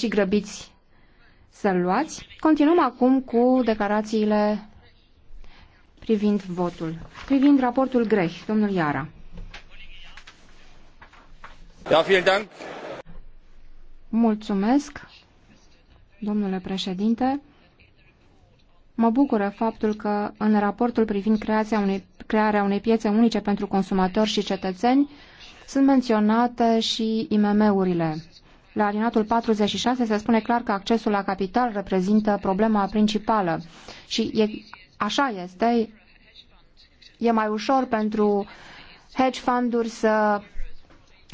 și grăbiți să-l luați. Continuăm acum cu declarațiile privind votul. Privind raportul Grech, domnul Iara. Da, vielen Dank. Mulțumesc, domnule președinte. Mă bucură faptul că în raportul privind creația unei, crearea unei piețe unice pentru consumatori și cetățeni sunt menționate și IMM-urile. La alinatul 46 se spune clar că accesul la capital reprezintă problema principală și e, așa este, e mai ușor pentru hedge funduri să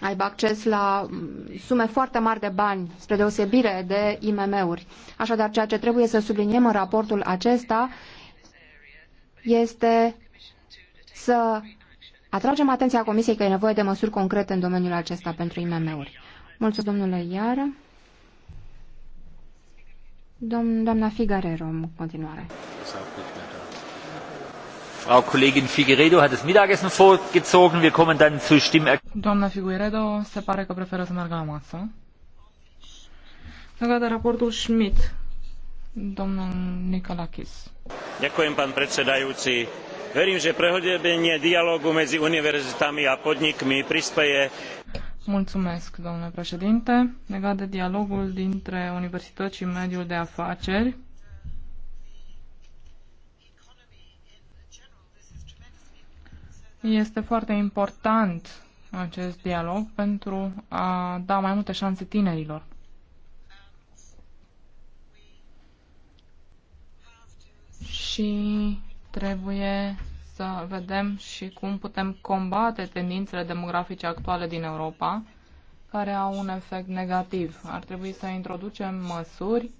aibă acces la sume foarte mari de bani, spre deosebire de IMM-uri. Așadar, ceea ce trebuie să subliniem în raportul acesta este să atragem atenția Comisiei că e nevoie de măsuri concrete în domeniul acesta pentru IMM-uri. Mulțumesc, domnule Iară. Domn, doamna Figarero, în continuare. Frau Kollegin Figueredo hat das Mittagessen vorgezogen. Wir kommen dann zu Stimmen. Doamna Figueredo se pare că preferă să meargă la masă. Legat de raportul Schmidt, domnul Nicolakis. Ďakujem, pán predsedajúci. Verím, že prehodebenie dialogu medzi univerzitami a podnikmi prispeje Mulțumesc, domnule președinte. Legat de dialogul dintre universități și mediul de afaceri, este foarte important acest dialog pentru a da mai multe șanse tinerilor. Și trebuie să vedem și cum putem combate tendințele demografice actuale din Europa, care au un efect negativ. Ar trebui să introducem măsuri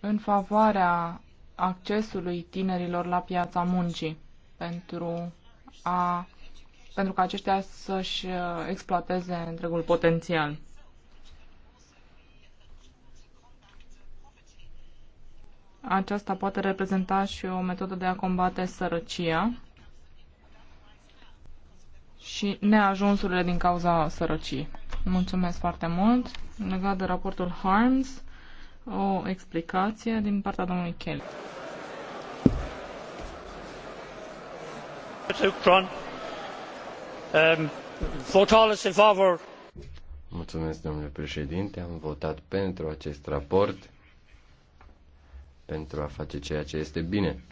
în favoarea accesului tinerilor la piața muncii pentru, a, pentru ca aceștia să-și uh, exploateze întregul potențial. Aceasta poate reprezenta și o metodă de a combate sărăcia și neajunsurile din cauza sărăciei. Mulțumesc foarte mult. Legat de raportul Harms, o explicație din partea domnului Kelly. Mulțumesc, domnule președinte. Am votat pentru acest raport pentru a face ceea ce este bine.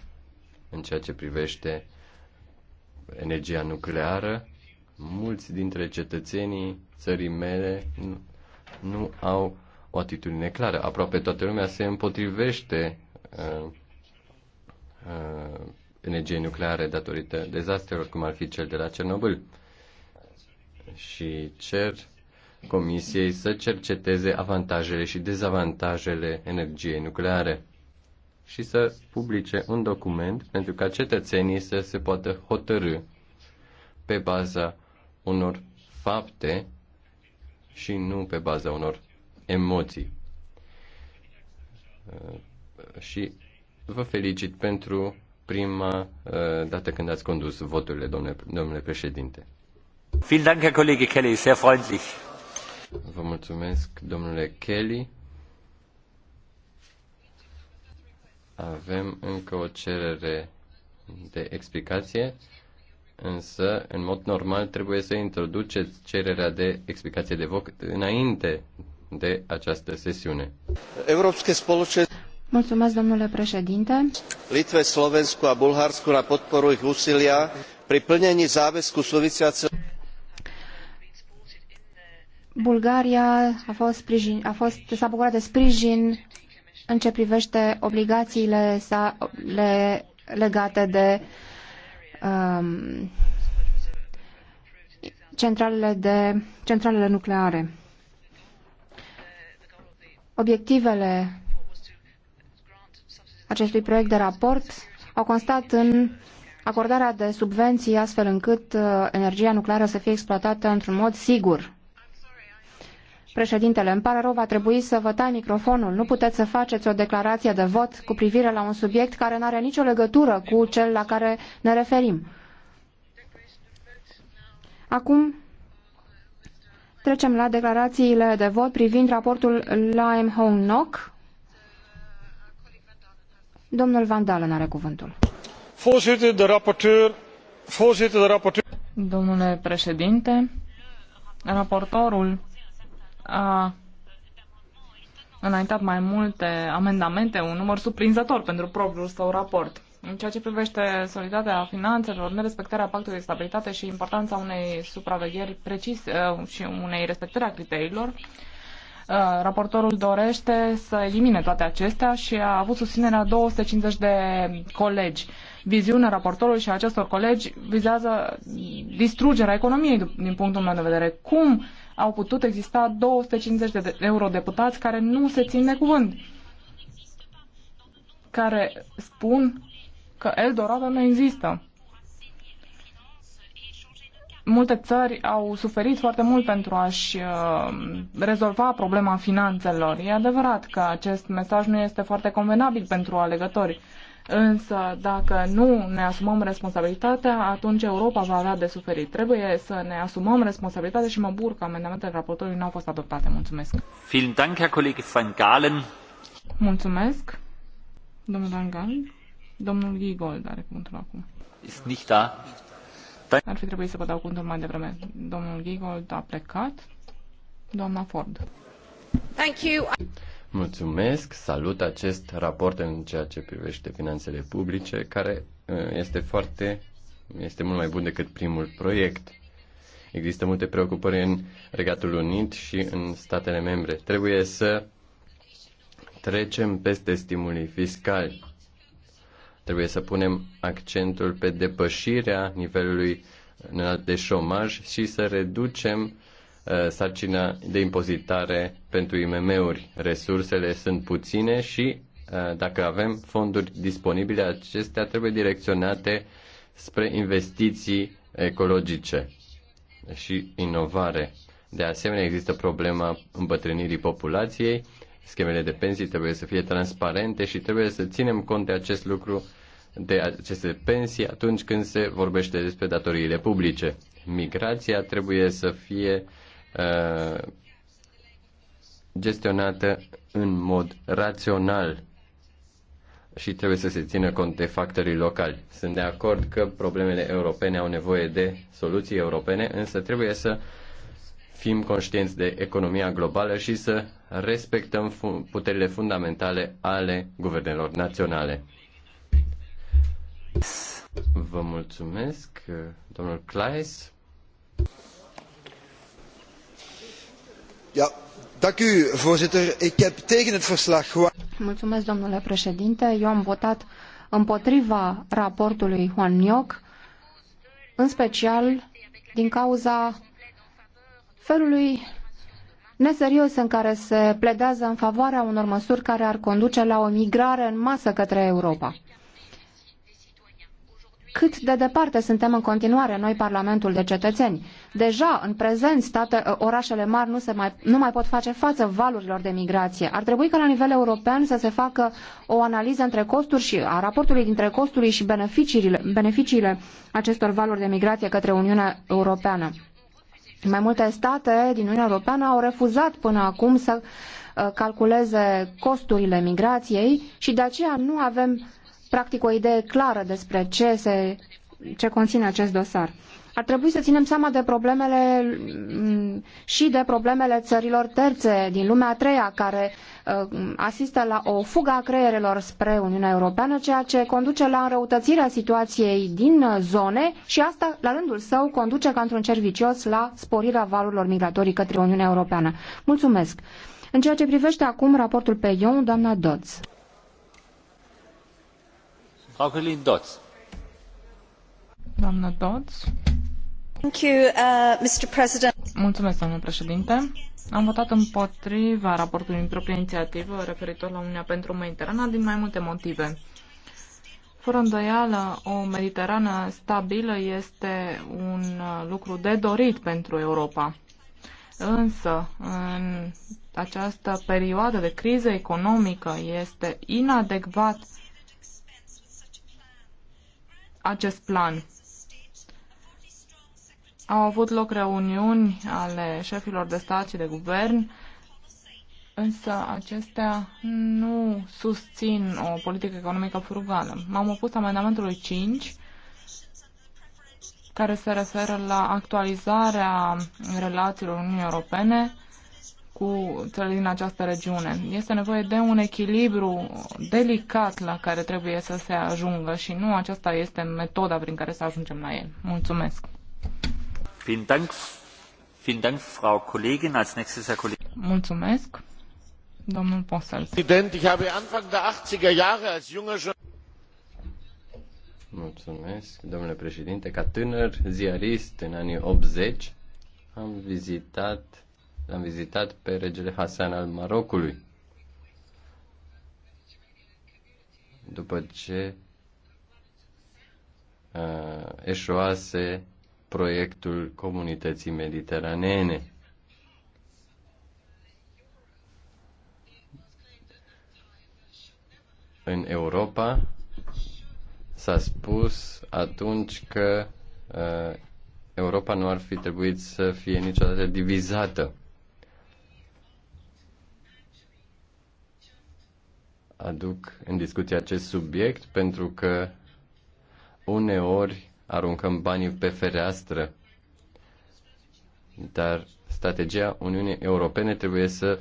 În ceea ce privește energia nucleară, mulți dintre cetățenii țării mele nu, nu au o atitudine clară. Aproape toată lumea se împotrivește uh, uh, energiei nucleare datorită dezastrelor, cum ar fi cel de la Cernobâl. Și cer Comisiei să cerceteze avantajele și dezavantajele energiei nucleare și să publice un document pentru ca cetățenii să se poată hotărâ pe baza unor fapte și nu pe baza unor emoții. Uh, și vă felicit pentru prima uh, dată când ați condus voturile, domnule, domnule președinte. Vielen Dank, Herr Kollege Kelly, sehr freundlich. Vă mulțumesc, domnule Kelly. Avem încă o cerere de explicație, însă, în mod normal, trebuie să introduceți cererea de explicație de voc înainte de această sesiune. Mulțumesc, domnule președinte. Litve, Slovensku a Bulharsku na podporu ich úsilia pri plnení záväzku súvisiaceho Bulgaria a fost sprijin, a fost, s-a bucurat de sprijin în ce privește obligațiile sa, le, legate de um, centralele, de, centralele nucleare. Obiectivele acestui proiect de raport au constat în acordarea de subvenții astfel încât uh, energia nucleară să fie exploatată într-un mod sigur. Președintele, îmi pare rău, va trebui să vă tai microfonul. Nu puteți să faceți o declarație de vot cu privire la un subiect care nu are nicio legătură cu cel la care ne referim. Acum trecem la declarațiile de vot privind raportul Lime Hong Nok. Domnul Van Dalen are cuvântul. de de Domnule președinte, raportorul a înaintat mai multe amendamente, un număr surprinzător pentru propriul său raport. În ceea ce privește soliditatea finanțelor, nerespectarea pactului de stabilitate și importanța unei supravegheri precise uh, și unei respectări a criteriilor, uh, raportorul dorește să elimine toate acestea și a avut susținerea 250 de colegi viziunea raportorului și a acestor colegi vizează distrugerea economiei din punctul meu de vedere. Cum au putut exista 250 de eurodeputați care nu se țin de cuvânt? Care spun că Eldorado nu există. Multe țări au suferit foarte mult pentru a-și uh, rezolva problema finanțelor. E adevărat că acest mesaj nu este foarte convenabil pentru alegători. Însă, dacă nu ne asumăm responsabilitatea, atunci Europa va avea de suferit. Trebuie să ne asumăm responsabilitatea și mă bucur că amendamentele raportorului nu au fost adoptate. Mulțumesc. Vielen Dank, Herr Kollege van Galen. Mulțumesc, domnul van Galen. Domnul Gigold are cuvântul acum. Ist nicht da. da. Ar fi trebuit să vă dau cuvântul mai devreme. Domnul Gigold a plecat. Doamna Ford. Thank you. Mulțumesc, salut acest raport în ceea ce privește finanțele publice, care uh, este foarte, este mult mai bun decât primul proiect. Există multe preocupări în Regatul Unit și în statele membre. Trebuie să trecem peste stimulii fiscali. Trebuie să punem accentul pe depășirea nivelului de șomaj și să reducem uh, Uh, sarcina de impozitare pentru IMM-uri. Resursele sunt puține și uh, dacă avem fonduri disponibile, acestea trebuie direcționate spre investiții ecologice și inovare. De asemenea, există problema îmbătrânirii populației, schemele de pensii trebuie să fie transparente și trebuie să ținem cont de acest lucru, de aceste pensii atunci când se vorbește despre datoriile publice. Migrația trebuie să fie uh, Uh, gestionată în mod rațional și trebuie să se țină cont de factorii locali. Sunt de acord că problemele europene au nevoie de soluții europene, însă trebuie să fim conștienți de economia globală și să respectăm puterile fundamentale ale guvernelor naționale. Vă mulțumesc, domnul Claes. Mulțumesc, domnule președinte. Eu am votat împotriva raportului Juan Nioc, în special din cauza felului neserios în care se pledează în favoarea unor măsuri care ar conduce la o migrare în masă către Europa cât de departe suntem în continuare noi Parlamentul de Cetățeni. Deja, în prezent, state, ă, orașele mari nu, se mai, nu mai pot face față valurilor de migrație. Ar trebui ca la nivel european să se facă o analiză între costuri și a raportului dintre costuri și beneficiile, beneficiile acestor valuri de migrație către Uniunea Europeană. Mai multe state din Uniunea Europeană au refuzat până acum să ă, calculeze costurile migrației și de aceea nu avem practic o idee clară despre ce, se, ce conține acest dosar. Ar trebui să ținem seama de problemele mm, și de problemele țărilor terțe din lumea a treia care uh, asistă la o fugă a creierelor spre Uniunea Europeană, ceea ce conduce la înrăutățirea situației din zone și asta, la rândul său, conduce ca într-un cer vicios la sporirea valurilor migratorii către Uniunea Europeană. Mulțumesc! În ceea ce privește acum raportul pe Ion, doamna Dodds. Uh, Mulțumesc, președinte. Am votat împotriva raportului în proprie inițiativă referitor la Uniunea pentru Mediterana din mai multe motive. Fără îndoială, o Mediterană stabilă este un lucru de dorit pentru Europa. Însă, în această perioadă de criză economică, este inadecvat acest plan. Au avut loc reuniuni ale șefilor de stat și de guvern, însă acestea nu susțin o politică economică frugală. M-am opus amendamentului 5, care se referă la actualizarea relațiilor Uniunii Europene cu țările din această regiune. Este nevoie de un echilibru delicat la care trebuie să se ajungă și nu aceasta este metoda prin care să ajungem la el. Mulțumesc! Mulțumesc! Domnul Posel. Mulțumesc, domnule președinte. Ca tânăr ziarist în anii 80 am vizitat L-am vizitat pe regele Hasan al Marocului. După ce uh, eșoase proiectul comunității mediteraneene. În Europa s-a spus atunci că uh, Europa nu ar fi trebuit să fie niciodată divizată. aduc în discuție acest subiect pentru că uneori aruncăm banii pe fereastră, dar strategia Uniunii Europene trebuie să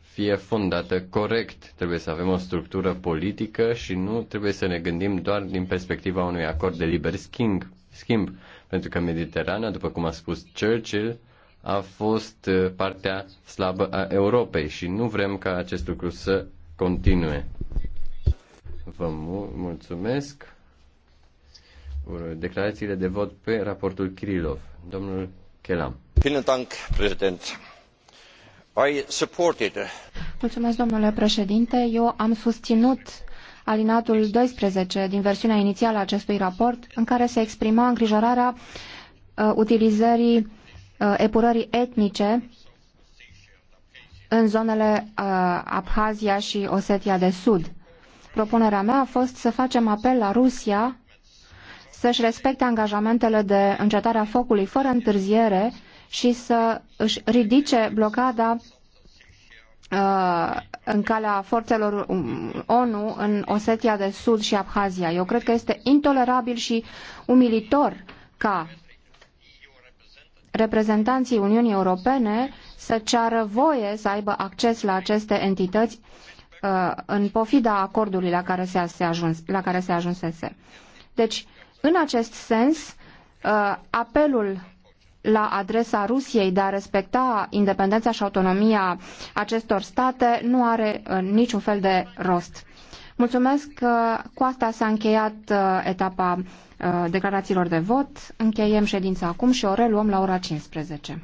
fie fondată corect. Trebuie să avem o structură politică și nu trebuie să ne gândim doar din perspectiva unui acord de liber schimb. schimb pentru că Mediterana, după cum a spus Churchill, a fost uh, partea slabă a Europei și nu vrem ca acest lucru să continue. Vă mulțumesc. Declarațiile de vot pe raportul Kirilov. Domnul Kelam. Mulțumesc, domnule președinte. Eu am susținut alinatul 12 din versiunea inițială a acestui raport, în care se exprima îngrijorarea uh, utilizării uh, epurării etnice în zonele uh, Abhazia și Osetia de Sud. Propunerea mea a fost să facem apel la Rusia să-și respecte angajamentele de încetare a focului fără întârziere și să își ridice blocada uh, în calea forțelor um, ONU în Osetia de Sud și Abhazia. Eu cred că este intolerabil și umilitor ca reprezentanții Uniunii Europene să ceară voie să aibă acces la aceste entități uh, în pofida acordului la care se, se, ajuns, la care se ajunsese. Deci, în acest sens, uh, apelul la adresa Rusiei de a respecta independența și autonomia acestor state nu are uh, niciun fel de rost. Mulțumesc că cu asta s-a încheiat etapa declarațiilor de vot. Încheiem ședința acum și o reluăm la ora 15.